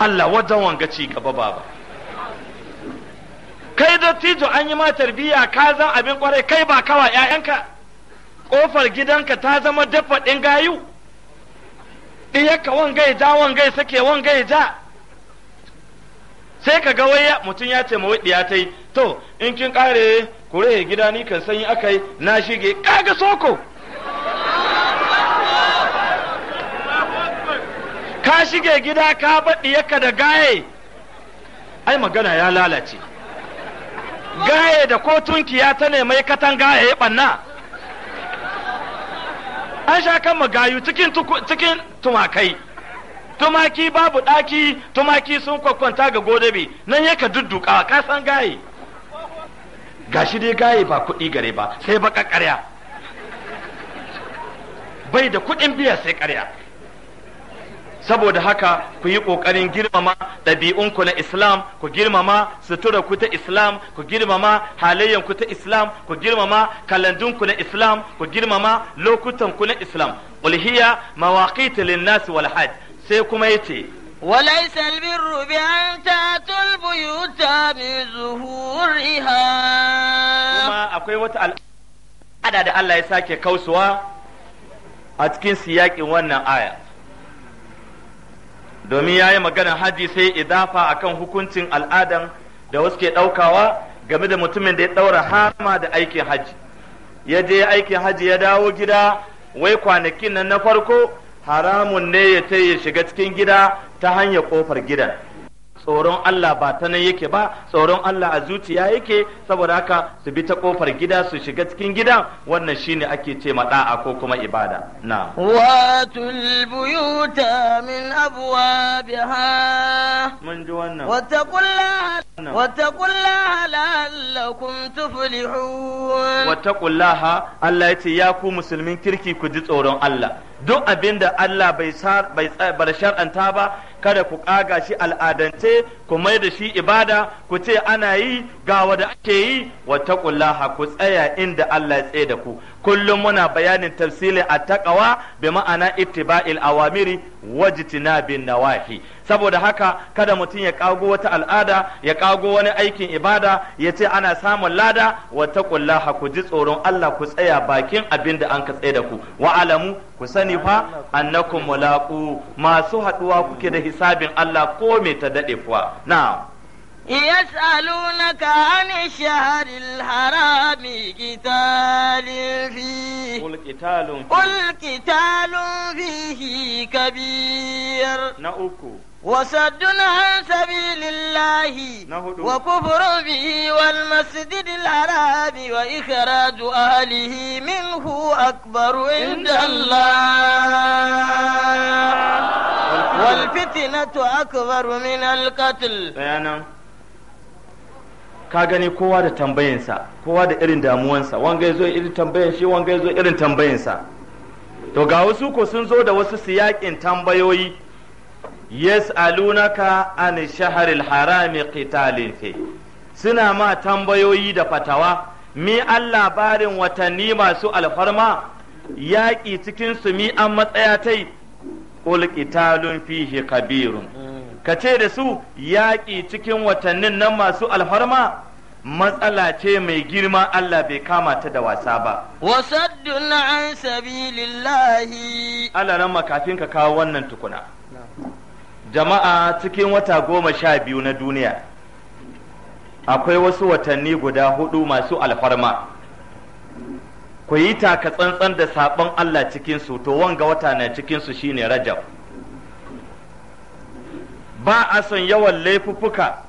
Allah wajen wanga ci gaba baba kai dattijo an yi ma biya ka zan abin kwarai kai ba kawa 'ya'yanka. kofar gidanka ta zama dafa ɗin gayu ɗiyarka wanga ya ja wanga ya sake wanga ya ja sai ka ga waya mutum ya ce mawai ɗiya ta yi to in kin ƙare kure gida ni kan sanyi aka yi na shige kaga soko ka shige gida ka baɗiyaka da gaye ai magana ya lalace gaye da ko tunkiya ta ne mai gaye ya ɓanna an sha kan magayu cikin tumakai tumaki babu ɗaki tumaki sun kwakwanta ga godabi nan yaka dudduka ka san gaye gashi dai gaye ba kuɗi gare ba sai baka ƙarya bai da kuɗin biya sai ƙarya saboda haka ku yi ƙoƙarin girmama ɗabi'unku na islam ku girmama sutura ku ta islam ku girmama halayyan ku ta islam ku girmama kalandunku na islam ku girmama lokutan ku na islam qul hiya mawaqitu lin wal hajj sai kuma yace وليس البر بأن تأتوا البيوت من ظهورها kuma akwai wata al'ada da Allah ya sake kausuwa a cikin siyaƙin wannan aya domin ya yi maganar haji sai idafa akan hukuncin al'adan da wasu ke ɗaukawa game da mutumin da ya ɗaura harama da aikin haji ya je aikin haji ya dawo gida wai kwanakin nan na farko haramun ne ya ce ya shiga cikin gida ta hanyar ƙofar gidan tsoron Allah ba ta nan yake ba tsoron Allah a zuciya yake saboda haka su bi ta kofar gida su shiga cikin gida wannan shine ake ce ma da'a ko kuma ibada na watul buyuta min biha mun ji wannan wattaqullaha la'allakum tuflihun wattaqullaha Allah yace ya ku musulmin kirki ku ji tsoron Allah duk abin da Allah bai shar'anta ba kada ku kaga shi al'adance ku mai da shi ibada ku ce ana yi ga wada ake yi wa taqullaha ku tsaya inda Allah ya tsaye da ku kullum muna bayanin tafsilin taƙawa, bi ma'ana ittiba'il awamiri na nawahi saboda haka kada mutum ya kago wata al'ada ya kago wani aikin ibada ya ce ana samun lada wa taqullaha ku ji tsoron Allah ku tsaya bakin abin da an ka tsaye da ku wa alamu ku sani fa annakum mulaqu masu haduwa kuke da hisabin Allah ko me ta dade fuwa na'am يسألونك عن الشهر الحرام قتال فيه قل قتال فيه قل قتال فيه كبير نأكو وصد عن سبيل الله وكفر به والمسجد الحرام وإخراج أهله منه أكبر عند الله والفتنة أكبر من القتل بيانا ka gani kowa da tambayinsa kowa da irin damuwansa wanga ya zo irin tambayin shi wanga ya zo irin tambayinsa to ga wasu ko sun zo da wasu siyakin tambayoyi yes alunaka an shaharil harami qitalin fi suna ma tambayoyi da fatawa mi an labarin watanni masu alfarma yaƙi cikin su mi an matsaya tai qul qitalun fihi kabirun ka ce da su yaƙi cikin watannin nan masu alfarma matsala ce mai girma Allah bai kama ta da wasa ba. Wasaddun an sabilillahi. Allah nan makafin ka kawo wannan tukuna. Jama'a cikin wata goma sha biyu na duniya akwai wasu watanni guda hudu masu alfarma. Ku yi taka tsantsan da saɓon Allah cikinsu to wanga wata na cikinsu shine Rajab. ba a son yawan laifuffuka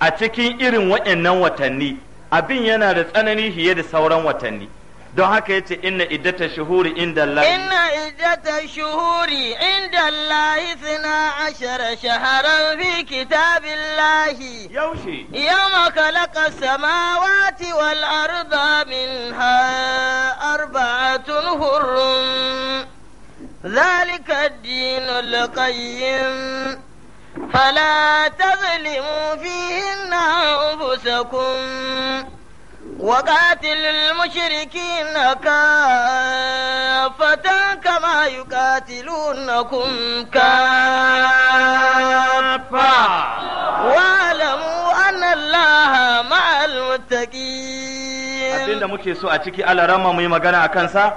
a cikin irin waɗannan watanni abin yana da tsanani fiye da sauran watanni don haka ya ce inna iddata shuhuri inda Allah inna iddata shuhuri inda Allah suna ashara shaharar fi kitabin lahi yawma khalaqa samawati wal arda minha arba'atun hurrum ذلك dinul qayyim فلا تظلموا فيهن أنفسكم وقاتلوا na كافة كما يقاتلونكم كافة واعلموا أن الله مع المتقين abinda muke so a ciki alarama mu yi magana a kansa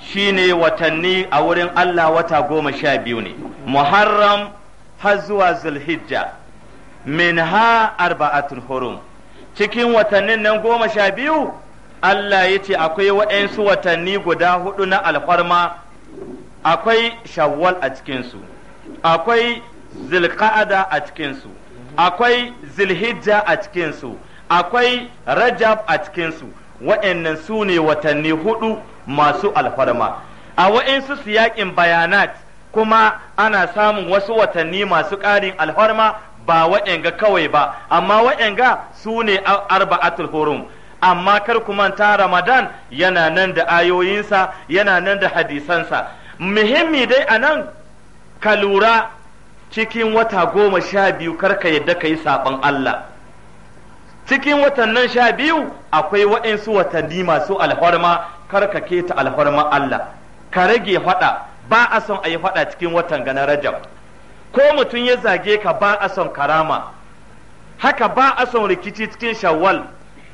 shine watanni a wurin Allah wata goma sha biyu ne Muharram har zuwa zulhijja min ha arba'atun hurum cikin watannin nan goma sha biyu Allah ya ce akwai waɗansu watanni guda hudu na alfarma akwai shawwal a cikinsu akwai zilka'ada a cikinsu akwai zilhijja a cikinsu akwai rajab a cikinsu waɗannan su ne watanni hudu masu alfarma a waɗansu siyaƙin bayanat kuma ana samun wasu watanni masu ƙarin alhorma ba wayanga kawai ba amma wayanga su ne arba'atul hurum amma kar ku manta ramadan yana nan da ayoyinsa yana nan da hadisansa muhimmi dai a nan ka lura cikin wata goma sha biyu karka yadda ka yi saɓon Allah cikin watannin sha biyu akwai waɗansu watanni masu alhorma karka keta alhorma Allah ka rage faɗa ba a son a yi faɗa cikin watan gana rajab ko mutum ya zage ka ba a son karama haka ba a son rikici cikin shawwal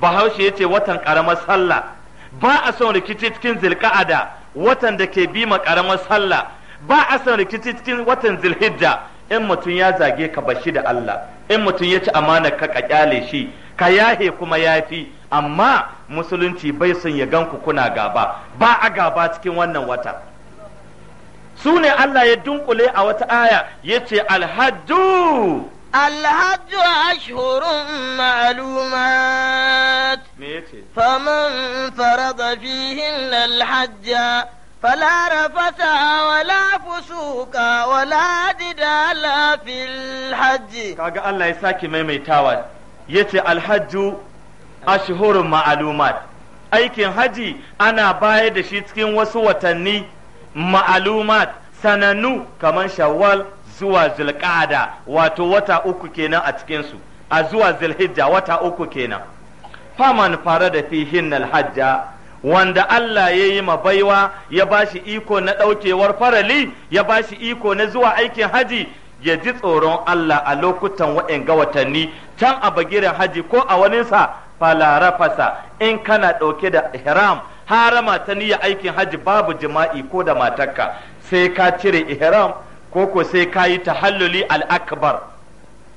bahaushe ya ce watan karamar sallah ba a son rikici cikin zilka'ada watan da ke bima karamar sallah ba a son rikici cikin watan zilhijja in mutum ya zage ka bashi da Allah in mutum ya ci amanar ka ka kyale shi ka yahe kuma yafi amma musulunci bai son ya ganku kuna gaba ba a gaba cikin wannan wata su ne Allah ya dunkule a wata aya ya ce alhaju alhaju a ashirin ma'alumat faman fara da fi hin lalhaja falara fata wa lafi suka wa ladi da lafi alhaji kaga Allah ya sake maimaitawa ya ce alhaju a ashirin ma'alumat Aikin hajji ana bayar da shi cikin wasu watanni ma'alumat sanannu kamar shawwal zuwa zulqa'ada wato wata uku kenan a cikin su a zuwa zulhijja wata uku kenan faman fara da fihin alhajja wanda Allah ya yi baiwa ya bashi iko na ɗaukewar farali ya bashi iko na zuwa aikin haji ya ji tsoron Allah a lokutan ga watanni can a bagiren haji ko a waninsa fala rafasa in kana ɗauke da ihram harama ta niyya aikin hajji babu jima'i ko da matarka sai ka cire ihram ko ko sai ka yi tahalluli al-akbar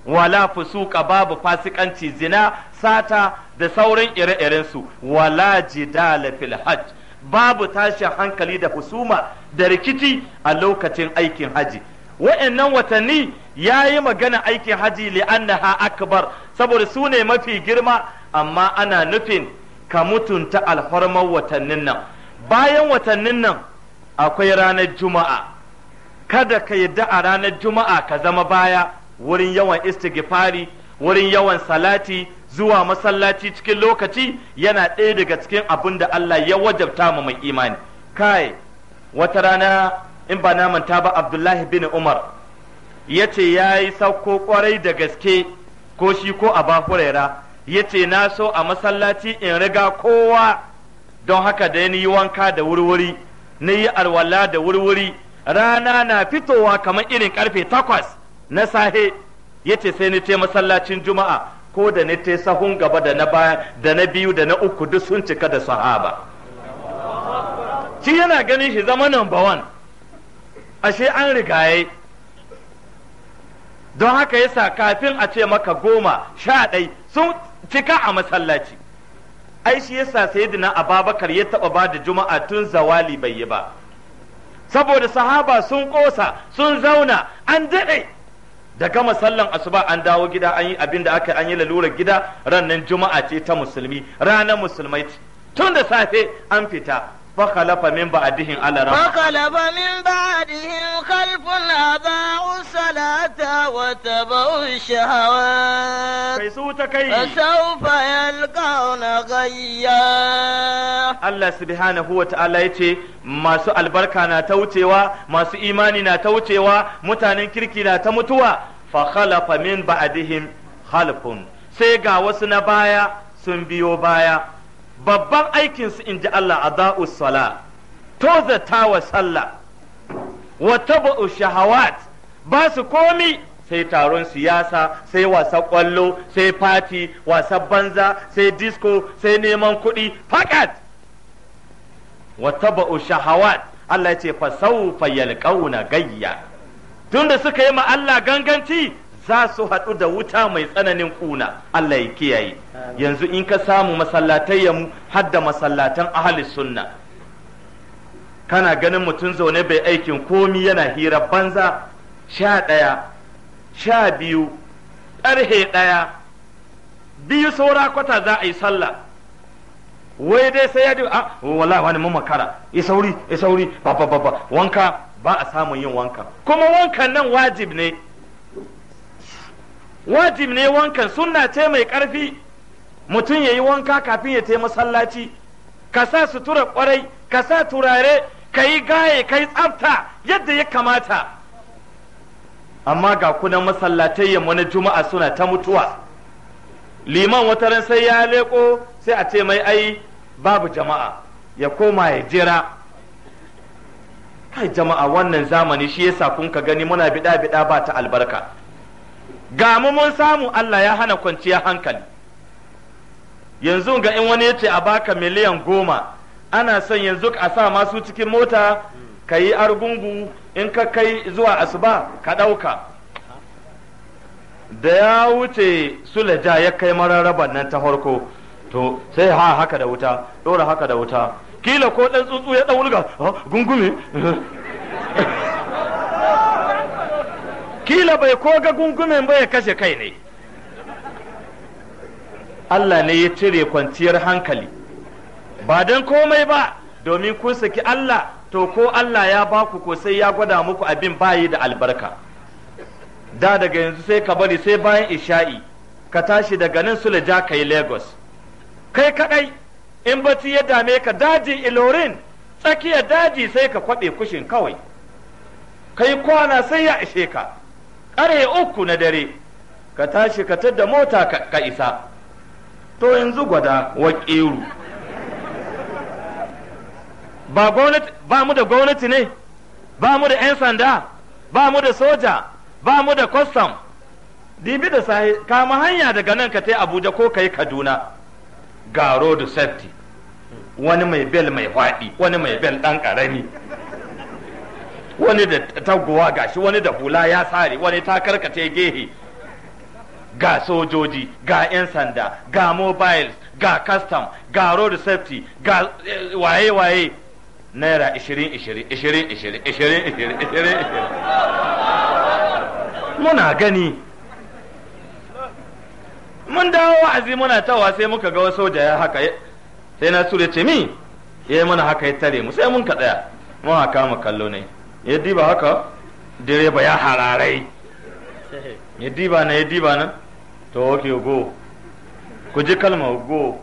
wala fusuka babu fasikanci zina sata da sauran ire iren su wala jidala fil hajj babu tashin hankali da husuma da rikici a lokacin aikin haji wa'annan watanni ya yi magana aikin haji li'annaha akbar saboda su ne mafi girma amma ana nufin ka mutunta alfarmar watannin nan bayan watannin nan akwai ranar juma'a kada ka yadda a ranar juma'a ka zama baya wurin yawan istighfari wurin yawan salati zuwa masallaci cikin lokaci yana ɗaya daga cikin abin da Allah ya wajabta mu mai imani kai wata rana in ba na manta ba Abdullahi bin Umar ya ce ya yi sauko kwarai da gaske ko shi ko a Huraira yace na so a masallaci in riga kowa don haka da ni yi wanka da wurwuri na yi alwala da wurwuri rana na fitowa kamar irin karfe takwas na sahe ya ce sai ni ce masallacin juma'a ko da ni te sahun gaba da na baya da na biyu da na uku duk sun cika da sahaba shi yana ganin shi zama number one ashe an rigaye don haka yasa kafin a ce maka goma sha ɗai sun Fika a masallaci ai shi yasa sayyidina ababakar ya taba bada juma'a tun zawali bai yi ba saboda sahaba sun kosa sun zauna an daɗe da gama sallan asuba an dawo gida an yi abin da aka an yi lalurar gida rannan juma'a ce ta musulmi ranar musulmai tun da safe an fita فخلف من بعدهم على رمى فخلف من بعدهم خلف أضاعوا الصلاة وتبعوا الشهوات فسوف يلقون غيا الله سبحانه وتعالى يتي ما سو البركة نتوتوا ما سو إيماني نتوتوا متانين كركي نتمتوا فخلف من بعدهم خلف sai ga wasu na baya sun biyo baya babban aikinsu in ji Allah a za'us sala tozata wa sallah wa taba'u shahawat ba su komi sai taron siyasa sai wasa kwallo sai fati wasa banza sai disco sai neman kuɗi fakat wa taba'u shahawat Allah ya ce fa sawfa yalqauna gayya tunda suka yi ma Allah ganganci za su haɗu da wuta mai tsananin kuna Allah ya kiyaye yanzu in ka samu masallatai ya mu hadda masallatan ahli sunna kana ganin mutum zaune bai aikin komi yana hira banza sha ɗaya sha biyu ƙarhe ɗaya biyu saura kwata za a yi sallah wai dai sai ya ji a ah, wala wani mu makara ya sauri ya sauri ba ba ba wanka ba a samun yin wanka kuma wankan nan wajib ne wajib ne wankan sunna ce mai ƙarfi mutum ya yi wanka kafin ya te masallaci ka sa sutura ƙwarai, ka sa turare ka yi gaye ka yi tsafta yadda ya kamata amma ga kunan masallatai yamma na juma'a suna ta mutuwa liman wata ran sai ya leko sai a ce mai ai babu jama'a ya koma ya jira kai jama'a wannan zamani shi yasa kun ka gani muna biɗa biɗa ba ta albarka ga mu mun samu Allah ya hana kwanciyar hankali yanzu ga in wani ya ce a baka miliyan goma ana son yanzu a sa masu cikin mota ka yi argungu in ka kai zuwa asuba ka ɗauka da ya wuce sulaja ya kai mararraban nan ta harko, to sai ha haka da wuta ɗora haka da wuta kila ko ɗan tsuntsu ya ɗan wulga ah, gungume kila bai ko ga gungumen ba ya kashe kai ne Allah ne ya cire kwanciyar hankali ba don komai ba domin kun saki Allah to ko Allah ya baku ko sai ya gwada muku abin bayi da albarka da daga yanzu sai ka bari sai bayan isha'i ka tashi daga nan su ja ka yi lagos kai kadai in bacci ya dame ka daji ilorin tsakiyar daji sai ka kwaɓe kushin kawai kai kwana sai ya ishe ka ƙare uku na dare ka tashi ka da mota ka isa to yanzu gwada wa ƙeru ba mu da gwamnati ne ba mu da 'yan sanda ba mu da soja ba mu da kwastam dibi da sahi kama hanya daga nan ka ta abuja ko ka yi kaduna ga road safety wani mai bel mai haɗi wani mai bel ɗan ƙarami wani da taguwa gashi wani da hula ya tsari, wani ta karkace gehe ga sojoji ga 'yan sanda ga mobiles ga custom ga road safety ga waye-waye eh, naira ishirin ishirin ishirin ishirin ishirin ishirin ishirin muna gani mun dawo wa'azi muna tawa sai muka ga wasu soja ya haka sai na sure ce mi ya yi mana haka ya tare mu sai mun ka tsaya mun haka mu kallo ne ya diba haka direba ya hararai ya diba na ya diba na to ok go ku ji kalma go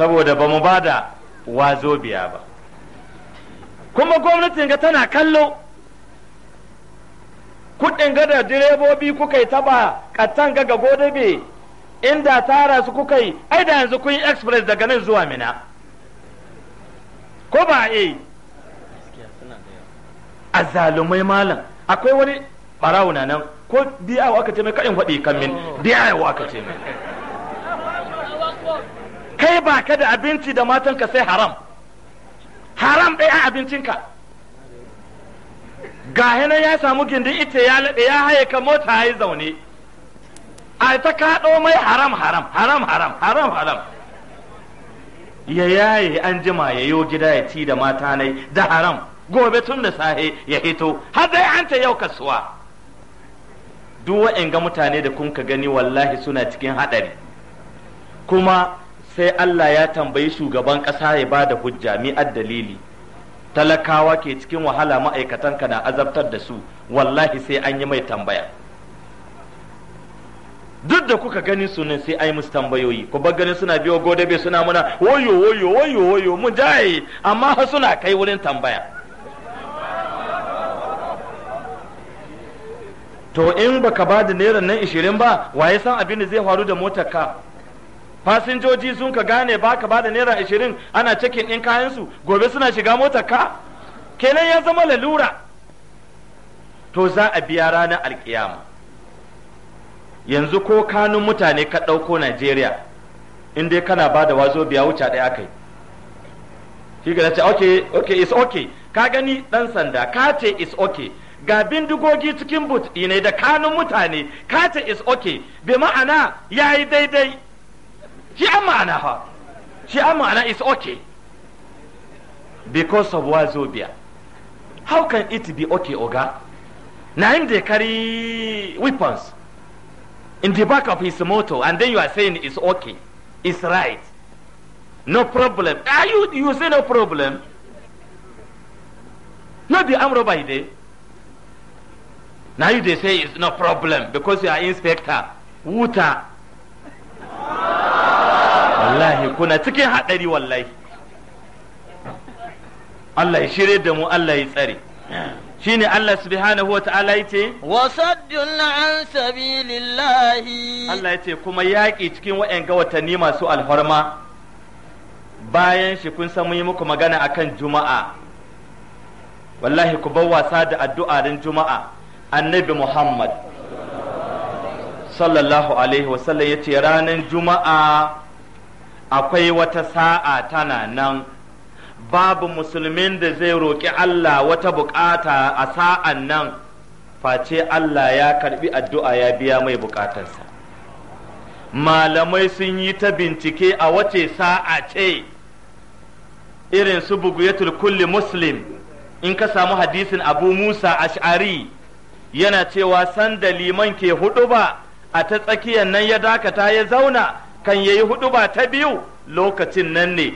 saboda ba mu ba da biya ba kuma gwamnatin ga tana kallo kuɗin gada direbobi kuka yi taba kattan ga godebe inda tara su kuka yi ai da yanzu kun yi express daga nan zuwa mina ko ba A zalumai malam akwai wani barawo na nan ko diyawa aka ce mai kayan faɗi kan min oh. diyawa aka ce mai kai ba ka da abinci da matanka sai haram haram ɗaya a abincinka ga nan ya samu gindin ita ya laɗe ya haye ka mota ya zaune a ta kaɗo mai haram haram haram haram haram haram ya yaye an jima ya yo gida ya ci da mata nai da haram gobe tun da sahe ya hito har dai an ta yau kasuwa duk ga mutane da kun ka gani wallahi suna cikin haɗari kuma sai Allah ya tambayi shugaban ƙasa ya ba da hujja mi dalili talakawa ke cikin wahala ma'aikatan ka na azabtar da su wallahi sai an yi mai tambaya duk da kuka gani sunan sai ai musu tambayoyi ku bar ganin suna biyo gode bai suna muna wayo wayo wayo wayo mu jaye amma suna kai wurin tambaya to in baka ba da naira nan ishirin ba waye san abin da zai faru da motar ka fasinjoji sun ka gane baka ba da naira ishirin ana cikin ɗin kayan su gobe suna shiga motar ka kenan ya zama lalura to za a biya ranar alkiyama yanzu ko kanun mutane ka ɗauko Najeriya in dai kana ba da wazo biya wuce ɗaya aka yi shi ga ce okay okay is okay ka gani ɗan sanda ka ce is okay ga bindigogi cikin but ne da kanun mutane ka ce is okay bi ma'ana ya yi daidai shi an ma'ana fa shi an ma'ana is okay because of wazobia how can it be okay oga na inda kari weapons in the back of his motor and then you are saying it's okay, it's right, no problem. Are you, you say no problem? Not the arm robber there. Now you they say it's no problem because you are inspector. Wuta. wallahi kuna cikin hadari wallahi. Allah ya shirye da mu Allah ya tsare. shine Allah subhanahu wa ta'ala yace wasaddun an sabilillahi Allah yace kuma yaƙi cikin waɗanga watanni masu alfarma bayan shi kun san mun muku magana akan juma'a wallahi ku bar wasa da addu'a din juma'a annabi Muhammad sallallahu alaihi wasallam yace ranar juma'a akwai wata sa'a tana nan babu musulmin da zai roƙi Allah wata bukata a sa'an nan face Allah ya karbi addu'a ya biya mai bukatarsa malamai sun yi ta bincike a wace sa'a ce irin su buguyatul kulli muslim in ka samu hadisin abu musa ash'ari yana cewa sanda liman ke hudu ba a ta tsakiyar nan ya dakata ya zauna kan yayi hudu ba ta biyu lokacin nan ne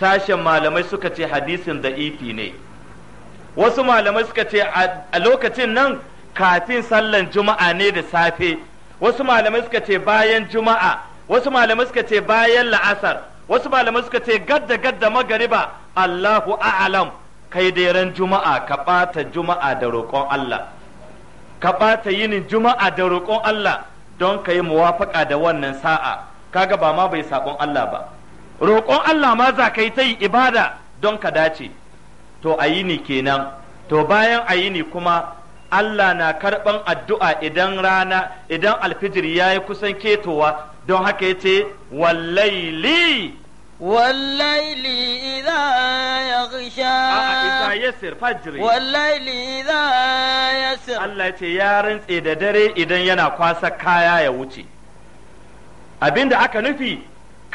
sashen malamai suka ce hadisin da'ifi ne wasu malamai suka ce a lokacin nan kafin sallan juma'a ne da safe wasu malamai suka ce bayan juma'a wasu malamai suka ce bayan la'asar wasu malamai suka ce gadda gadda magariba Allahu a'alam kai dai ran juma'a ka ɓata juma'a da roƙon Allah ka ɓata yinin juma'a da roƙon Allah don ka yi muwafaƙa da wannan sa'a kaga ba ma bai saƙon Allah ba roƙon Allah ma za ka yi ta yi ibada don ka dace to a yi ni kenan to bayan a yi ni kuma Allah na karɓan addu'a idan rana idan alfijir ya yi kusan ketowa don haka ya ce wallaili والليل إذا يغشى إذا يسر ya والليل Allah ce ya يارن da dare idan yana kwasa kaya ya wuce. Abinda aka nufi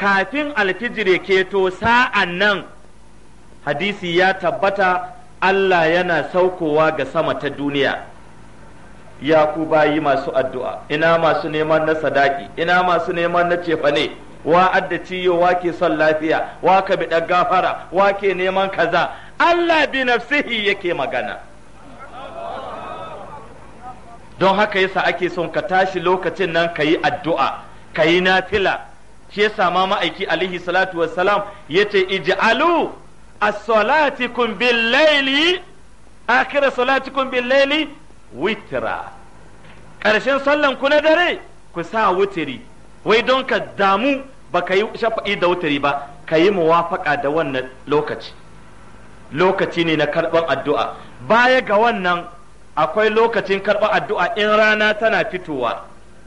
kafin ke keto sa'an nan hadisi ya tabbata Allah yana saukowa ga sama ta duniya ya ku bayi masu addu'a ina masu neman na sadaki ina masu neman na cefane wa adda ciyo wa ke son lafiya wa ka bi gafara wa ke neman kaza Allah bi nafsihi yake magana don haka yasa ake son ka tashi lokacin nan ka yi addu'a ka yi fila. shi yasa ma ma'aiki alaihi salatu wassalam yace ij'alu a salatikum bil-laili akhir salatikum bil-laili witra karshen sallan ku na dare ku sa wutiri wai don ka damu ka yi shafa'i da wutiri ba ka yi muwafaka da wannan lokaci lokaci ne na karɓar addu'a baya ga wannan akwai lokacin karɓar addu'a in rana tana fitowa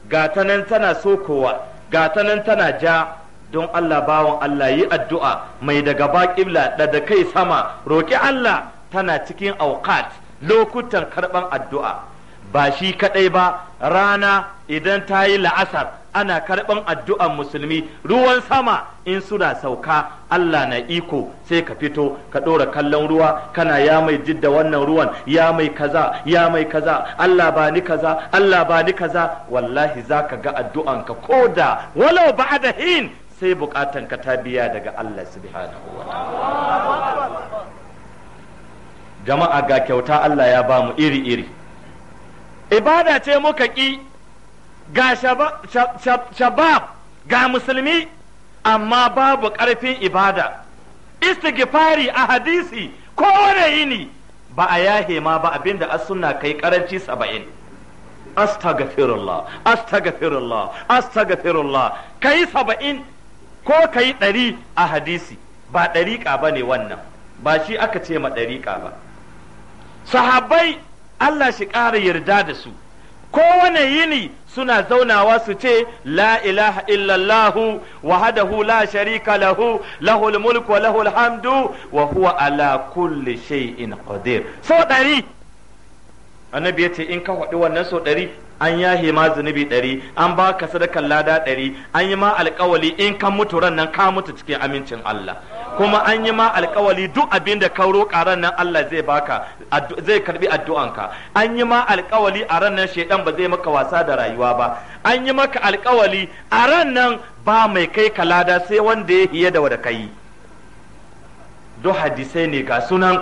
ga ta nan tana sokowa gata nan tana ja don Allah bawan Allah yi addu'a mai daga ba ƙibla da da kai sama roƙi Allah tana cikin auqat lokutan karɓan addu'a ba shi kaɗai ba rana idan ta yi la'asar ana karɓan addu'an musulmi ruwan sama in suna sauka Allah na iko sai ka fito ka ɗora kallon ruwa kana ya mai jidda wannan ruwan ya mai kaza ya mai kaza Allah ba ni kaza Allah ba ni kaza wallahi za ka ga addu'anka ko da walau ba da hin sai ka ta biya daga Allah subhanahu wa jama'a ga kyauta Allah ya ba mu iri iri ibada ce muka ƙi ga shabab ga musulmi amma babu ƙarfin ibada istighfari a hadisi kowane yini ba a yahe ma ba abinda as sunna kai karanci saba'in astaghfirullah astaghfirullah astaghfirullah kai saba'in ko kai ɗari a hadisi ba ɗariƙa ba ne wannan ba shi aka ce ma ɗariƙa ba sahabbai Allah shi ƙara yarda da su kowane yini suna zaunawa su ce la ilaha illallahu wahadahu la sharika lahu lahul mulku wa lahul hamdu wa huwa ala kulli shay'in qadir so ɗari annabi ya ce in ka faɗi wannan so ɗari an yahe ma zunubi ɗari an ba ka sadakan lada ɗari an yi ma alkawali in ka mutu ran nan ka mutu cikin amincin Allah kuma an yi ma alkawali duk abin da ka roƙa ran nan Allah zai baka zai karbi addu'anka an yi ma alkawali a ran nan shedan ba zai maka wasa da rayuwa ba an yi maka alkawali a ran nan ba mai kai ka lada sai wanda ya hiye da wada kai duk hadisai ne ga sunan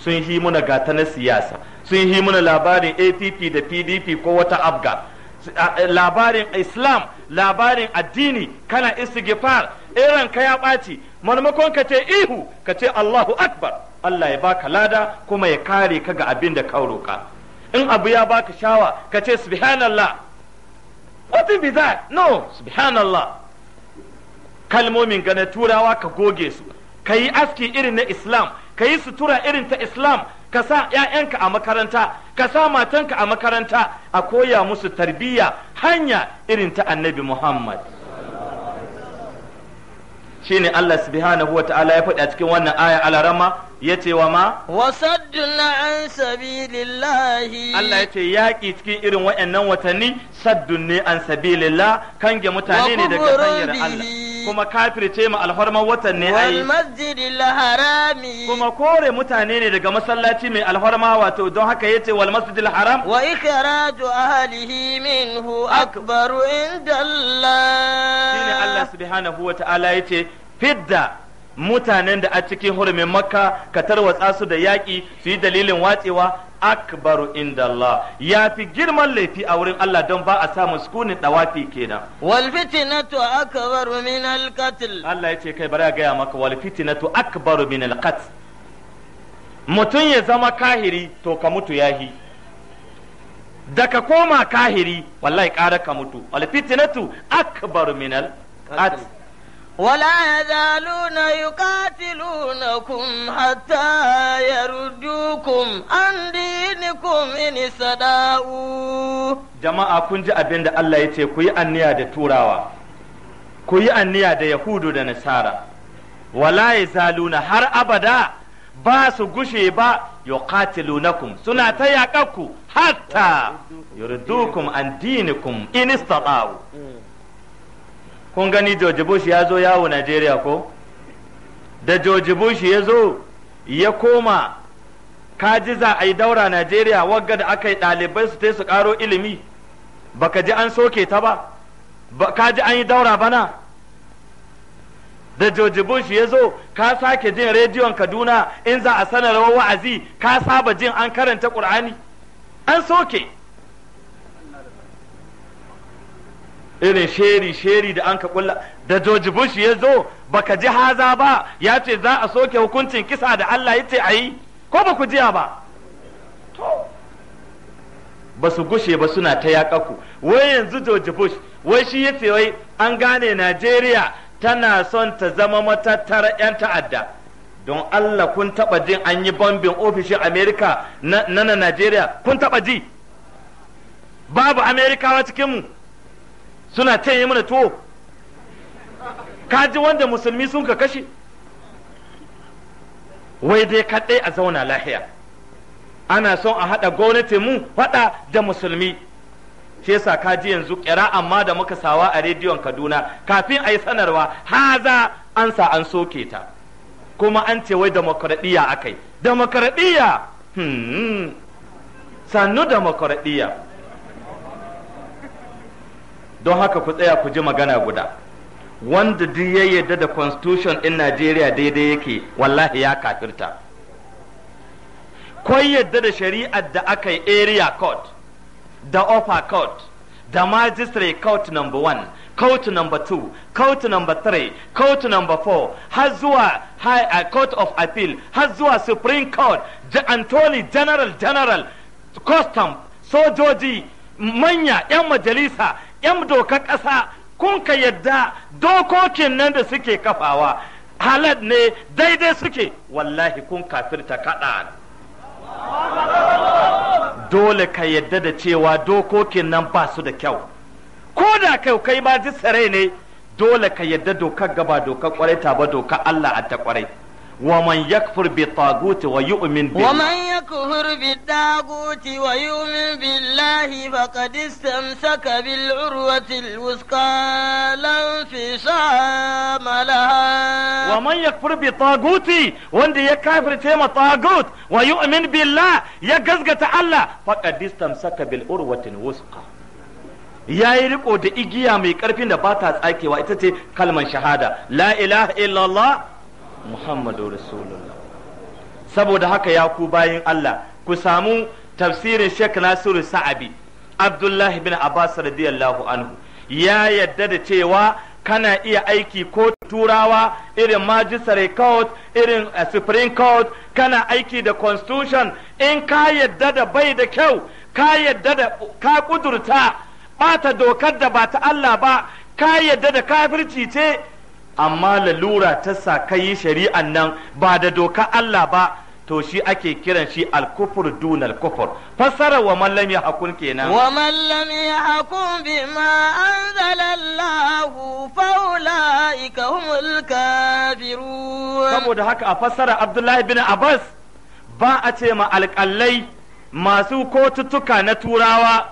sun yi muna gata na siyasa sun yi mana labarin APP da PDP ko wata abga labarin Islam labarin addini kana istighfar irin eh, ka ya ɓaci marmakon ka ce ihu ka ce Allahu Akbar Allah ya baka lada kuma ya kare ka ga abin da ka roka in abu ya baka shawa ka ce subhanallah what is that no subhanallah kalmomin ga turawa ka goge su ka yi aski irin na Islam ka yi sutura irin ta Islam ka sa 'ya'yanka a makaranta ka sa matanka a makaranta a koya musu tarbiyya hanya irin ta annabi muhammad shine Allah subhanahu wata'ala ya faɗi a cikin wannan aya alarama ya ce wa ma wasaddun an sabilillahi Allah ya ce yaƙi cikin irin waɗannan watanni saddun ne an sabilillah kange mutane ne daga hanyar Allah kuma kafirce ma alhorman watan ne ai wal harami kuma kore mutane ne daga masallaci mai alhorma wato don haka yace wal masjidil haram wa ikhraju ahlihi minhu akbar inda Allah shine Allah subhanahu wataala yace fidda mutanen da a cikin hurumin makka ka tarwatsa su da yaƙi su yi dalilin watsewa akbaru inda Allah ya fi girman laifi a wurin Allah don ba a samu sukunin dawafi kenan wal fitnatu akbaru min al qatl Allah ya ce kai bari gaya maka wal fitnatu akbaru min al qatl mutum ya zama kahiri to ka mutu yahi da ka koma kahiri wallahi ƙara ka mutu wal fitnatu akbaru min al qatl ولا يزالون يقاتلونكم حتى يردوكم عن دينكم إن استطاعوا جماعة كنت أبين دا الله يتي كوي أنيا دي توراوا كوي أنيا دي يهود دي نسارا ولا يزالون هر أبدا باس su gushe ba yuqatilunakum suna ta yaƙaku hatta yurdukum an dinikum kun gani George Bush ya zo yawo Najeriya ko da George Bush ya zo ya koma kaji za a yi daura Najeriya wagga da aka yi ɗalibai su su ƙaro ilimi baka ji an soke ta ba ka ji an yi daura bana da George Bush ya zo ka sake jin rediyon Kaduna in za a sanarwa wa'azi ka saba jin an karanta Ƙur'ani an soke irin sheri sheri da an ka kulla da George Bush ya zo baka ji haza ba ya ce za a soke hukuncin kisa da Allah ya ce a yi ko ba ku jiya ba to ba su gushe ba suna ta yaƙaku wai yanzu George Bush wai shi ya ce wai an gane Najeriya tana son ta zama matattara 'yan ta'adda don Allah kun taba jin an yi bambin ofishin Amerika na na Najeriya kun taba ji babu Amerikawa cikinmu suna yi mana tuwo kaji wanda musulmi sun ka kashe wai dai kaɗai a zauna lahiya ana son a haɗa gwamnati mu faɗa da musulmi shi yasa kaji yanzu kira amma da muka sawa a rediyon kaduna kafin ayi sanarwa haza an sa an soke ta kuma an ce wai demokradiyya akai demokradiyya hmm. sannu demokradiyya don haka ku tsaya ku ji magana guda wanda duk ya yarda da constitution ɗin Najeriya daidai yake wallahi ya kafirta kun yarda da shari'ar da aka yi area court da offer court da magistrate court number one court number two court number three court number four har zuwa high uh, court of appeal har zuwa supreme court antony general general custom sojoji manya 'yan majalisa 'yan dokar ƙasa kun ka yadda dokokin nan da suke kafawa halal ne daidai suke wallahi kun kafirta kaɗa dole ka yadda da cewa dokokin nan ba su da kyau ko da kai kai ma ji ne dole ka yadda dokar gaba dokar kwarai ta ba dokar Allah a ta kwarai ومن يكفر بالطاغوت ويؤمن بالله ومن يكفر بالطاغوت ويؤمن بالله فقد استمسك بالعروة الوثقى لا انفصام لها ومن يكفر بالطاغوت وند يكافر تيما طاغوت ويؤمن بالله يغزغة الله فقد استمسك بالعروة الوثقى ya yi riko da igiya mai karfin da ba ta tsakewa ita ce kalman shahada la ilaha illallah Muhammadu Rasulullah saboda haka ya ku bayin Allah ku samu tafsirin Sheikh Nasiru Sa'abi Abdullahi bin Abbas radiyallahu anhu ya yadda da cewa kana iya aiki ko turawa irin magistrate court irin eh, supreme court kana aiki da constitution in ka yadda da bai da kyau ka yadda da ka kudurta bata dokar da ba ta Allah ba ka yadda da kafirci ce amma lalura ta sa kai shari'an nan ba da doka Allah ba to shi ake kiran shi al-kufr dun al fassara wa man lam yahkun kenan wa man lam yahkun bima anzala Allah fa ulaika humul kafirun saboda haka a fasara Abdullahi bin Abbas ba a ce ma alƙalai masu kotuttuka na turawa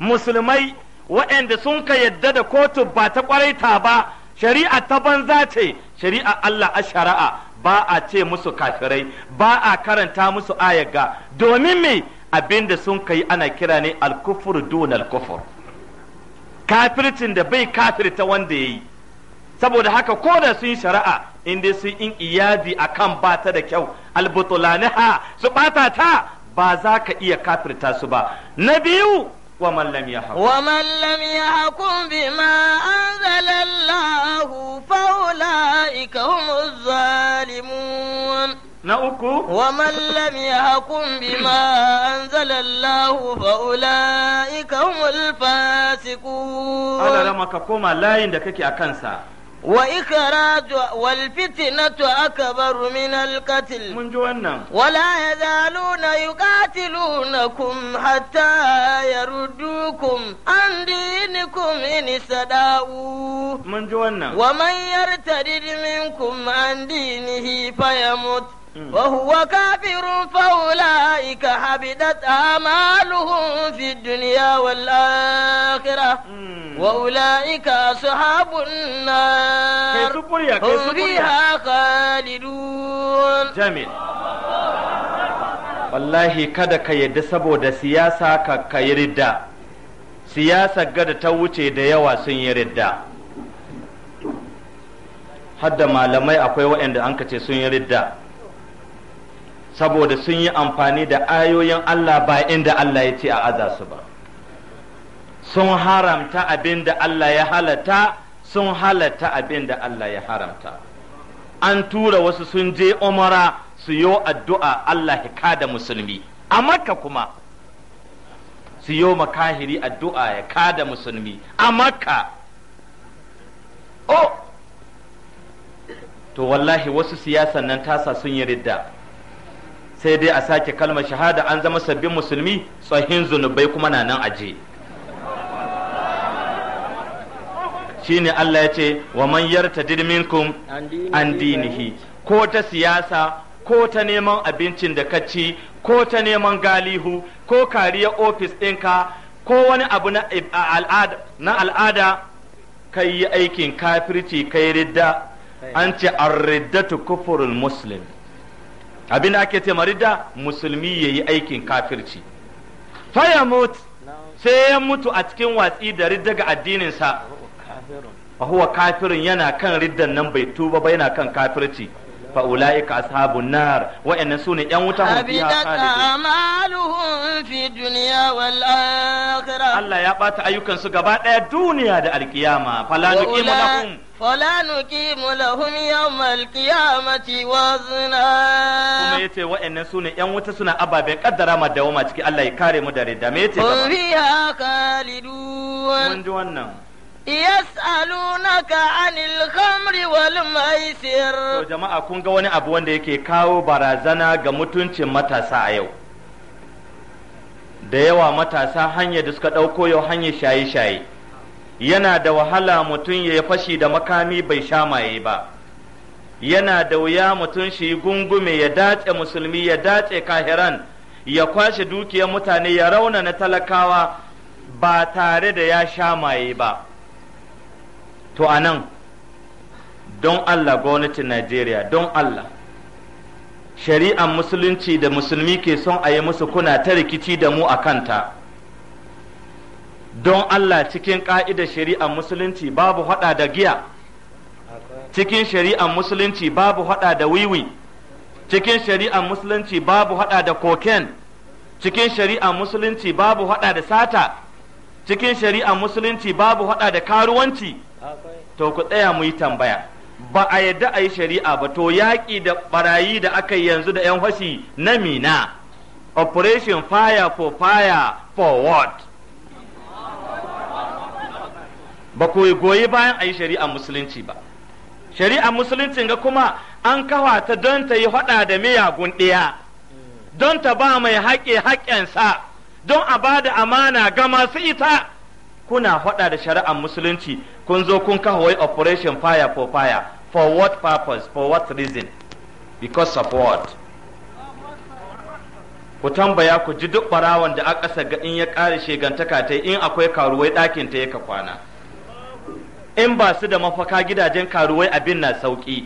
musulmai waɗanda sun ka yadda da kotu ba ta ƙwaraita ba shari'a ta banza ce shari'a Allah a shari'a ba a ce musu kafirai ba a karanta musu ayaga domin me abinda sun kai ana kira ne alkufur dunal alkufur kafircin da bai kafirta wanda yayi saboda haka ko da sun shari'a in dai sun in iyadi akan bata da kyau albutulaniha su bata ta ba za ka iya kafirta su ba na biyu ومن لم يحكم ومن لم يحكم بما أنزل الله فأولئك هم الظالمون نأكو ومن لم يحكم بما أنزل الله فأولئك هم الفاسقون هذا لما كما لا يندكك أكنسا وإخراج والفتنة أكبر من القتل من جوانا ولا يزالون يقاتلونكم حتى يردوكم عن دينكم إن استدعوا من جوانا ومن يرتد منكم عن دينه فيمت وهو كافر فأولئك حبطت أعمالهم في الدنيا والآخرة وأولئك أصحاب النار هم فيها خالدون جميل wallahi kada ka yadda saboda siyasa ka ka siyasa gada ta wuce da yawa sun yarda. hadda malamai akwai waɗanda an ce sun yarda. saboda sun yi amfani da ayoyin Allah ba inda Allah ya ce a aza su ba sun haramta abin da Allah ya halata sun halata abin da Allah ya haramta an tura wasu sun je umara su yo addu'a Allah ya da musulmi a makka kuma su yo makahiri addu'a ya kada musulmi a makka oh to wallahi wasu siyasan nan tasa sun yi ridda sai dai a sake kalmar shahada an zama sabbin musulmi tsohin zunubai kuma na nan aje shine Allah ya ce wa man yartadid minkum an dinihi ko ta siyasa ko ta neman abincin da ka ci ko ta neman galihu ko kariya ofis ɗinka ko wani abu na al'ada ka yi aikin kafirci kai ridda an ce an riddatu kufurul muslim abin da ake ce ridda musulmi ya yi aikin kafirci fayamut sai ya mutu a cikin watsi da ridda ga addininsa huwa kafirin yana kan riddan nan bai tuba ba yana kan kafirci fa ulaika ashabun nar wa'annan sune yan wuta hum fiha khalidun fi dunya wal Allah ya bata ayyukan su gaba ɗaya duniya da alkiyama fala nuqimu lahum fala nuqimu lahum yawmal qiyamati wazna kuma yace wa'annan sune yan wuta suna ababen kaddara ma dawama ciki Allah ya kare mu da ridda me gaba mun ji wannan yas'alunaka 'anil khamri wal maisir to jama'a kun ga wani abu wanda yake kawo barazana ga mutuncin matasa a yau da yawa matasa hanya da suka ɗauko yau hanya shaye-shaye yana da wahala mutum ya fashi da makami bai sha maye ba yana da wuya mutum shi gungume ya dace musulmi ya dace kahiran ya kwashe dukiyar mutane ya rauna na talakawa ba tare da ya sha maye ba to a nan don Allah gwamnatin Najeriya don Allah shari'an musulunci da musulmi ke son a yi musu kuna ta rikici da mu a kanta don Allah cikin ƙa'ida shari'ar musulunci babu haɗa da giya cikin shari'an musulunci babu haɗa da wiwi cikin shari'ar musulunci babu haɗa da koken cikin shari'ar musulunci babu haɗa da sata cikin shari'an musulunci babu haɗa da karuwanci to ku tsaya mu yi tambaya ba a yadda a yi shari'a ba to yaƙi da barayi da aka yi yanzu da 'yan fashi na mina operation fire for fire for what ba ku goyi bayan a yi shari'a musulunci ba shari'a musulunci ga kuma an kawa ta don ta yi hada da miyagun ɗaya don ta ba mai haƙe haƙensa don a ba da amana ga masu ita kuna faɗa da shari'ar musulunci kun zo kun kawo wai operation fire for fire for what purpose for what reason because of what ku tambaya ku ji duk barawan da aka saga in ya ƙare shegantaka ta in akwai karuwai ɗakin ta yaka kwana in ba su da mafaka gidajen karuwai abin na sauƙi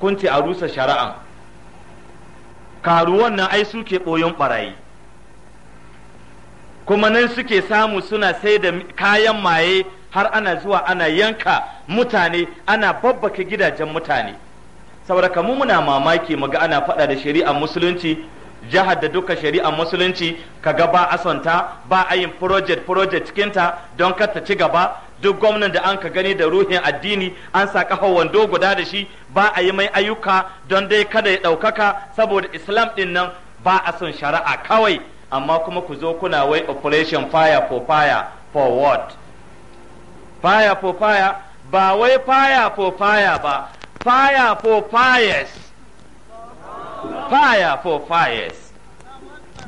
kun ce a rusa shari'an karuwan nan ai suke ɓoyon ɓarayi kuma nan suke samu suna sai da kayan maye har ana zuwa ana yanka mutane ana babbaka gidajen mutane saboda kamu muna mamaki muga ana faɗa da shari'ar musulunci jihar da duka shari'ar musulunci ka ba asanta ba a yin project project cikinta don kar ta ci gaba duk gwamnan da an ka gani da ruhin addini an sa kafa wando guda da shi ba a yi mai ayyuka don dai kada ya ɗaukaka saboda islam ɗin nan ba a son shari'a kawai amma kuma ku zo kuna wai operation fire for fire for what fire for fire ba wai fire for fire ba fire for fires fire for fires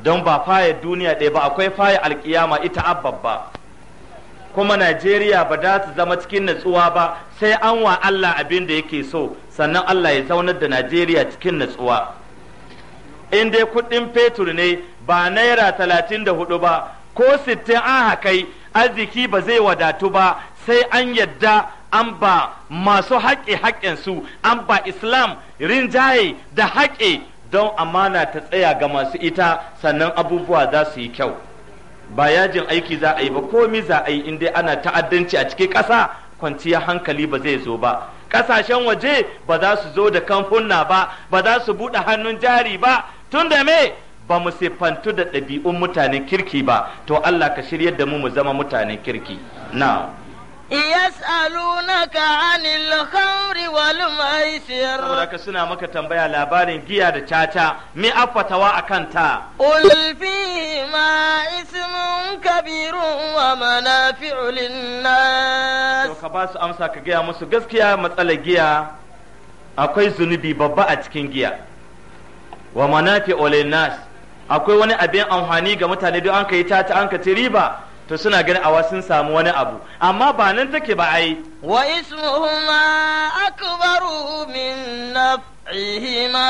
don ba fire duniya ɗaya ba akwai fire alƙiyama ita ababba kuma Najeriya ba za su zama cikin natsuwa ba sai an wa Allah abin da yake so sannan Allah ya zaunar da Najeriya cikin natsuwa in dai kudin fetur ne ba naira talatin da hudu ba ko sittin an hakai arziki ba zai wadatu ba sai an yadda an ba masu haƙe haƙensu an ba islam rinjaye da haƙe don amana ta tsaya ga masu ita sannan abubuwa za su yi kyau ba yajin aiki za a yi ba komi za a yi in dai ana ta'addanci a cikin ƙasa kwanciya hankali ba zai zo ba ƙasashen waje ba za su zo da kamfunna ba ba za su buɗe hannun jari ba tun da me ba mu siffantu da ɗabi'un mutanen kirki ba to Allah ka shiryar da mu mu zama mutanen kirki na yas'alunaka 'anil khamri wal maisir saboda ka suna maka tambaya labarin giya da caca me afatawa akan ta ul fi ma ismun kabirun wa manafi'u linnas to ka ba su amsa ka gaya musu gaskiya matsalar giya akwai zunubi babba a cikin giya wa manafi olenas akwai wani abin amfani ga mutane duk an kai tata an ka riba to suna ganin awa sun samu wani abu amma ba nan take ba ai wa ismuhuma akbaru min naf'ihima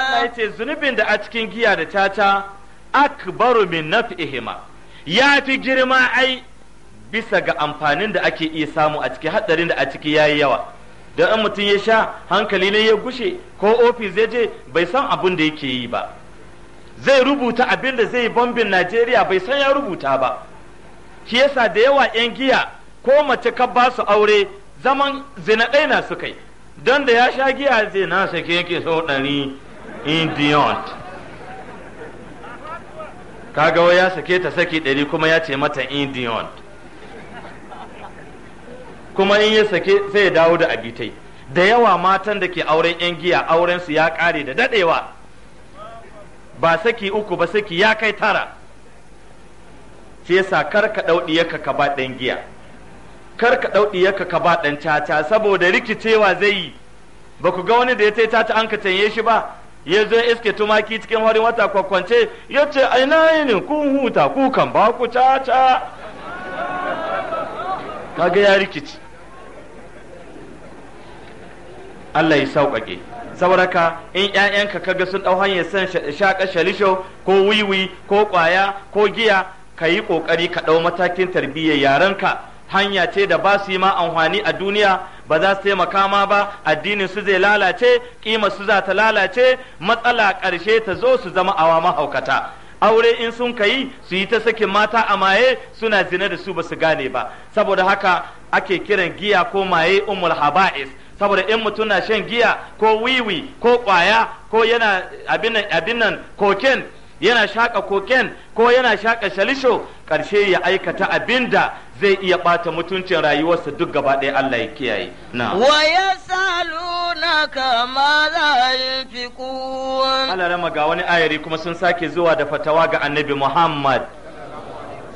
Allah yace zunubin da a cikin giya da tata akbaru min naf'ihima ya fi girma ai bisa ga amfanin da ake iya samu a ciki hadarin da a ciki yayi yawa da an mutum ya sha hankali ne ya gushe ko ofis zai je bai san abin da yake yi ba zai rubuta abin da zai bombin najeriya bai san ya rubuta ba shi yasa da yawa 'yan giya ko mace ka ba su aure zaman zina ɗai na su kai don da ya sha giya zai na sake yake sau ɗari indiyon kaga ya sake ta saki ɗari kuma ya ce mata indiyon. kuma in ya sake sai ya dawo da abitai da yawa matan da ke auren yan giya auren su ya kare da dadewa ba saki uku ba saki ya kai tara shi yasa kar ka yaka ka ba ɗan giya kar ka yaka ka ba ɗan caca saboda rikicewa zai yi ba ku ga wani da ya tai caca an ka tanye shi ba ya zo iske tumaki cikin wani wata kwakwance ya ce aina ne kun huta ku ba ku caca kaga ya rikici Allah ya sauƙaƙe sauraka in ƴaƴanka ga sun ɗau hanyar san shaƙa shalisho ko wiwi ko ƙwaya ko giya ka yi ƙoƙari ka ɗau matakin tarbiyyar yaranka hanya ce da ba su yi ma amfani a duniya ba za su taimaka ma ba addinin su zai lalace ƙima su za ta lalace matsala ƙarshe ta zo su zama awa mahaukata aure in sun ka yi su yi ta sakin mata a maye suna zina da su ba su gane ba saboda haka ake kiran giya ko maye umul haba'is saboda in mutum na shan giya ko wiwi ko kwaya ko yana abin nan koken yana shaƙa koken ko yana shaƙa shalisho karshe ya aikata abin da zai iya ɓata mutuncin rayuwarsa duk gaba ɗaya Allah ya kiyaye na wa yasalunaka kama za kuwa. Allah rama ga wani ayari kuma sun sake zuwa da fatawa ga Annabi Muhammad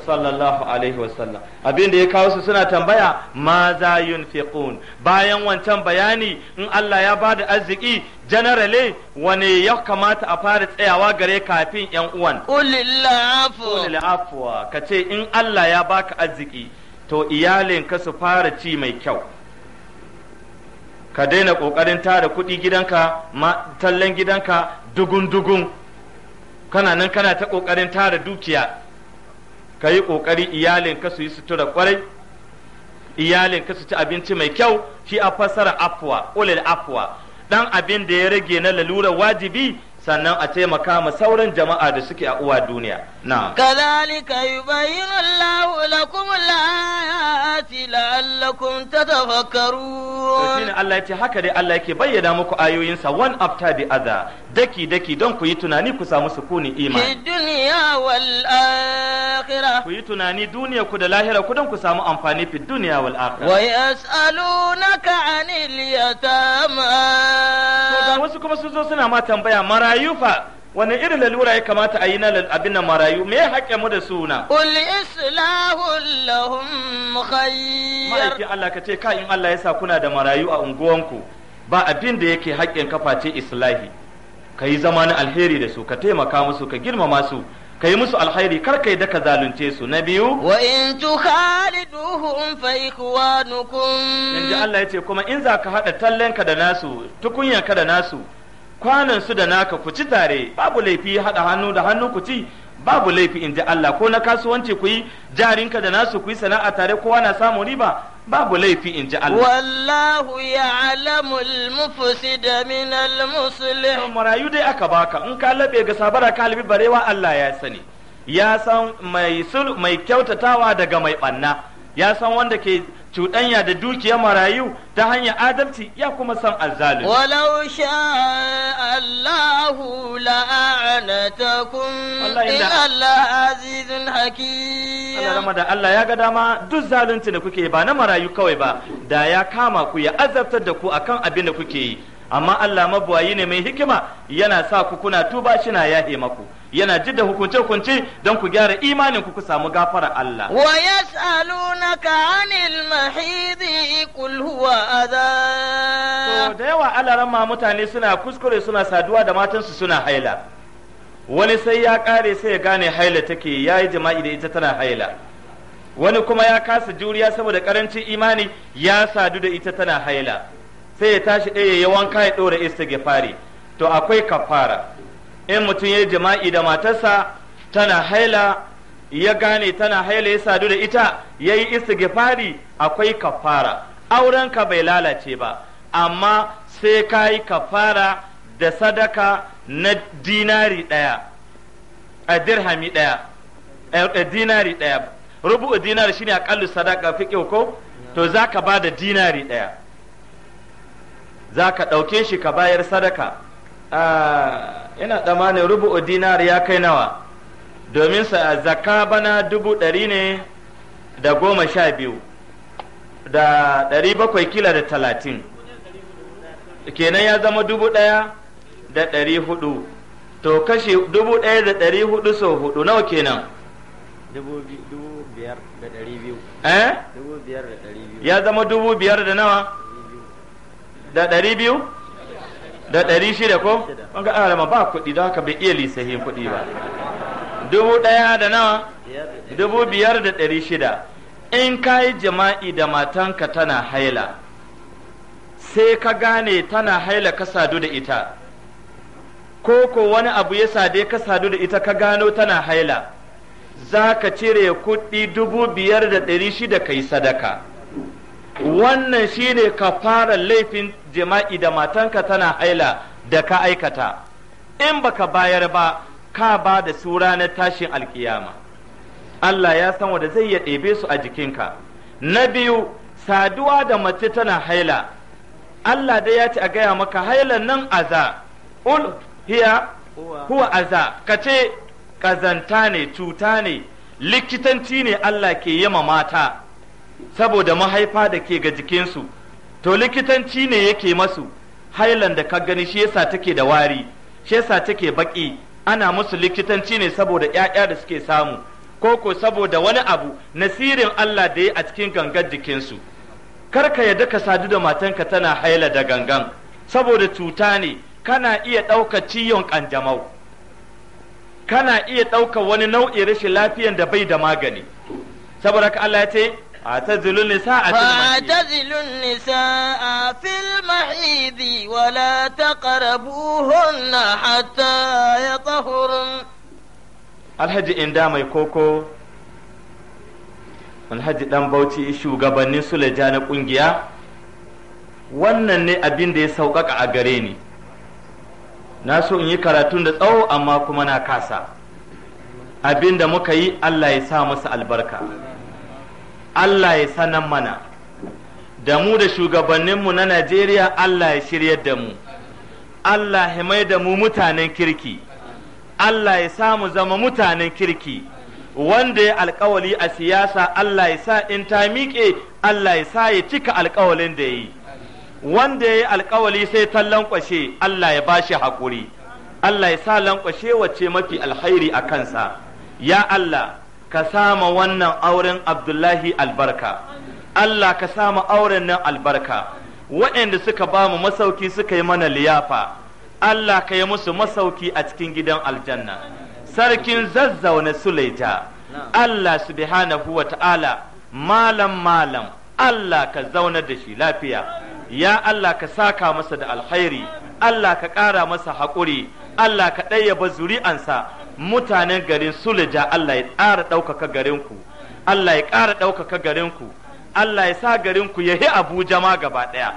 sallallahu alaihi wasallam abin da ya kawo su suna tambaya ma za yunfiqun bayan wancan bayani in Allah ya bada arziki generally wane ya kamata a fara tsayawa gare kafin yan uwan qulil afwa kace in Allah ya baka arziki to iyalin ka su fara ci mai kyau ka daina kokarin tara kuɗi gidanka tallan gidanka dugun dugun kana nan kana ta kokarin tara dukiya ka yi ƙoƙari iyalinka su yi sutura ƙwarai iyalinka su ci abinci mai kyau shi a fassara afuwa ulil afuwa ɗan abin da ya rage na lalura wajibi sannan a taimaka ma sauran jama'a da suke a uwa duniya na kadhalika yubayyinu Allahu lakum nasi la'allakum tadhakkarun shine Allah yace haka dai Allah yake bayyana muku ayoyinsa one after the other daki daki don ku yi tunani ku samu sukuni imani fi dunya wal akhirah ku yi tunani duniya da lahira ku don ku samu amfani fi dunya wal akhirah wa yas'alunaka 'anil yatama to wasu kuma su zo suna ma tambaya marayu fa wani irin lalura ya kamata a yi na abin nan marayu me haƙe mu da suna ul islahul lahum khayyar ma'aiki Allah ka ce ka in Allah ya sa kuna da marayu a unguwanku ba abin da yake haƙƙin kafa ce islahi ka yi zama na alheri da su ka taimaka musu ka girmama su ka yi musu alheri kar ka yi da zalunce su na biyu wa in tukhaliduhum fa ikwanukum ji Allah ya ce kuma in za ka haɗa tallenka da nasu tukunyanka da nasu kwanan su da naka ku ci tare babu laifi haɗa hannu da hannu ku ci babu laifi in ji Allah ko na kasuwanci ku yi jarinka da nasu ku yi sana'a tare kowa na samun riba babu laifi in ji Allah. Wallahu ya alamul mufsi da minal musulun. Marayu dai aka baka in ka laɓe ga sabara ka barewa Allah ya sani. Ya san mai kyautatawa daga mai ɓanna. Ya san wanda ke cuɗanya da dukiya marayu ta hanyar adalci ya kuma san alzalim. walau sha Allahu la'anatakum Allah azizun hakim Allah rama da Allah ya ga dama duk zalunci da kuke ba na marayu kawai ba da ya kama ku ya azabtar da ku akan abin da kuke yi amma Allah mabuwayi ne mai hikima yana sa ku kuna tuba shi na yahe maku yana jidda hukunce-hukunce don ku gyara imanin ku ku samu gafara Allah. Wa yas'alunaka 'anil mahidi qul huwa adha. To da yawa alaran ma mutane suna kuskure suna saduwa da matansu suna haila. Wani sai ya kare sai ya gane haila take yayi jima'i da ita tana haila. Wani kuma ya kasa juriya saboda karancin imani ya sadu da ita tana haila. Sai ya tashi ɗaya ya wanka ya ɗora istighfari. To akwai kafara. in mutum ya yi jima'i da matarsa tana haila ya gane tana haila ya sadu da ita ya yi istighfari akwai kafara aurenka bai lalace ba amma sai ka yi kafara da sadaka na dinari ɗaya a dirhami ɗaya a eh, dinari ɗaya rubu dinari shine aƙallu sadaka fi ko to za ka ba da dinari ɗaya za ka ɗauke shi ka bayar sadaka Ah, ina tsammanin rubu'u dinar ya kai nawa domin sa zakka bana dubu ɗari ne da goma sha biyu da ɗari bakwai kila da talatin kenan ya zama dubu ɗaya da ɗari hudu to kashe dubu ɗaya da ɗari hudu sau hudu nawa kenan dubu biyar da eh? biyu ya zama dubu biyar da nawa da ɗari biyu da ɗari shida ko wanga ana lama ba kuɗi don haka bai iya lisahin kuɗi ba dubu ɗaya da nawa dubu biyar da ɗari shida in ka yi jima'i da matanka tana haila sai ka gane tana haila ka sadu da ita ko ko wani abu ya sade ka sadu da ita ka gano tana haila za ka cire kuɗi dubu biyar da ɗari shida ka yi sadaka wannan shi ne ka fara laifin jima'i da matanka tana haila da ka aikata in baka bayar ba ka ba da su ranar tashin alkiyama Allah ya san wanda zai ya ɗebe su a jikinka na biyu saduwa da mace tana haila Allah dai ya ce a gaya maka hailan nan aza ul hiya huwa aza ce ƙazanta ne cuta ne likitanci ne Allah ke yi ma mata saboda mahaifa da ke ga jikinsu to likitanci ne yake masu hailan da ka gani shi yasa take da wari shi yasa take baki ana musu likitanci ne saboda 'ya'ya da suke samu ko ko saboda wani abu nasirin Allah da ya a cikin gangan jikinsu kar ka yadda ka sadu da matanka tana haila da gangan saboda cuta ne kana iya ɗaukar ciyon ƙanjamau kana iya ɗaukar wani nau'in rashin lafiyan da bai da magani saboda ka Allah ya ce اعتزلوا النساء في فاعتزلوا النساء في المحيض ولا تقربوهن حتى يطهرن alhaji inda mai koko alhaji dan bauchi shugabannin suleja na ƙungiya. wannan ne abin da ya sauƙaƙa a gare ni na so in yi karatun da tsawo amma kuma na kasa abin da muka yi allah ya sa masa albarka Allah ya sanan mana da mu da shugabanninmu na Najeriya Allah ya shiryar da mu Allah ya mai da mu mutanen kirki Allah ya mu zama mutanen kirki wanda ya alkawali a siyasa Allah ya sa in ta miƙe Allah ya sa ya cika alkawalin da ya yi wanda ya yi alkawali sai ta lankwashe Allah ya bashi hakuri Allah ya sa lankwashe wacce mafi alhairi a kansa ya Allah ka sama wannan auren abdullahi albarka Allah ka sama auren nan albarka waɗanda suka ba mu masauki suka yi mana liyafa Allah ka yi musu masauki a cikin gidan aljanna sarkin zazzauna sulaita Allah subhanahu wa ta'ala malam malam Allah ka zauna da shi lafiya ya Allah ka saka masa da alhairi Allah ka ƙara masa haƙuri Allah ka ɗayyaba zuri'ansa mutanen garin Suleja Allah ya ƙara ɗaukaka garinku Allah ya ƙara ɗaukaka garinku Allah ya sa garinku ya yi Abuja ma gaba ɗaya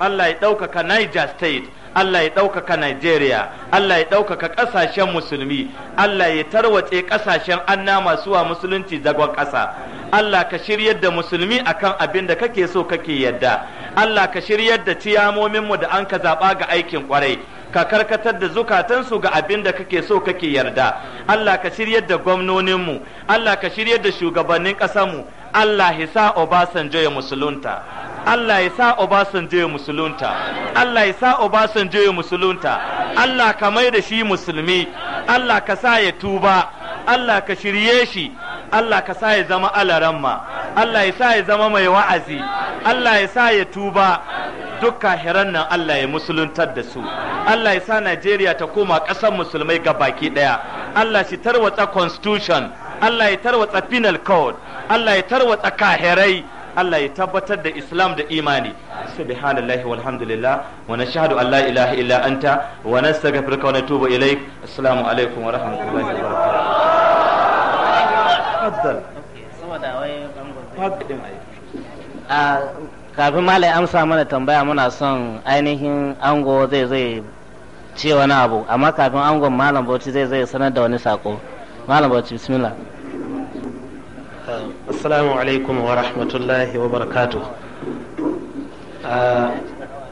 Allah ya ɗaukaka Niger State Allah ya ɗaukaka Nigeria Allah ya ɗaukaka ƙasashen musulmi Allah ya tarwatse ƙasashen anna masu wa musulunci zagon ƙasa Allah ka shiryar da musulmi akan abin da kake so kake yadda Allah ka shiryar da ciyamominmu da an ka zaɓa ga aikin ƙwarai ka karkatar da zukatansu ga abin da kake so kake yarda Allah ka shiryar da gwamnoninmu Allah ka shiryar da shugabannin ƙasarmu Allah ya sa Obasanjo ya musulunta Allah ya sa Obasanjo ya musulunta Allah ya sa Obasanjo ya musulunta Allah ka mai da shi musulmi Allah ka sa ya tuba Allah ka shirye shi Allah ka sa ya zama alaramma Allah ya sa ya zama mai wa'azi Allah ya sa ya tuba duk kahiran nan Allah ya musuluntar da su Allah ya sa Najeriya ta koma ƙasar musulmai ga baki ɗaya Allah shi tarwatsa constitution Allah ya tarwatsa penal code Allah ya tarwatsa kahirai Allah ya tabbatar da Islam da imani subhanallahi walhamdulillah wa nashhadu an la ilaha illa anta wa nastaghfiruka wa natubu ilaik assalamu alaikum wa rahmatullahi wa barakatuh faddal saboda wai bangon kafin malai amsa mana tambaya muna son ainihin ango zai zai ce wani abu amma kafin angon malam bauchi zai zai sanar da wani sako malam bauchi bismillah uh, assalamu alaikum wa rahmatullahi wa barakatu uh,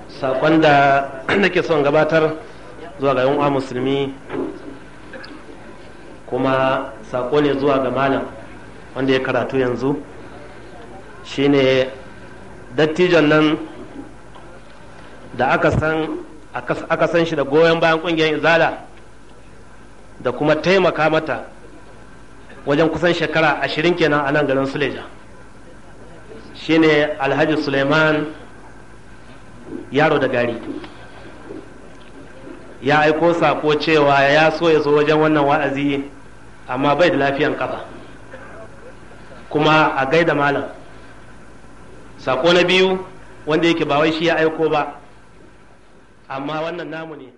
sakon da nake son gabatar zuwa ga yan musulmi kuma sako ne zuwa ga malam wanda ya karatu yanzu shine dattijon nan da aka san shi da goyon bayan kungiyar izala da kuma taimaka mata wajen kusan shekara ashirin kenan a nan garin suleja shine alhaji suleiman yaro da gari ya aiko sako cewa ya so ya zo wajen wannan wa'azi amma bai da lafiyan kafa kuma a gaida malam sako na biyu wanda yake ba wai shi ya aiko ba amma wannan namu ne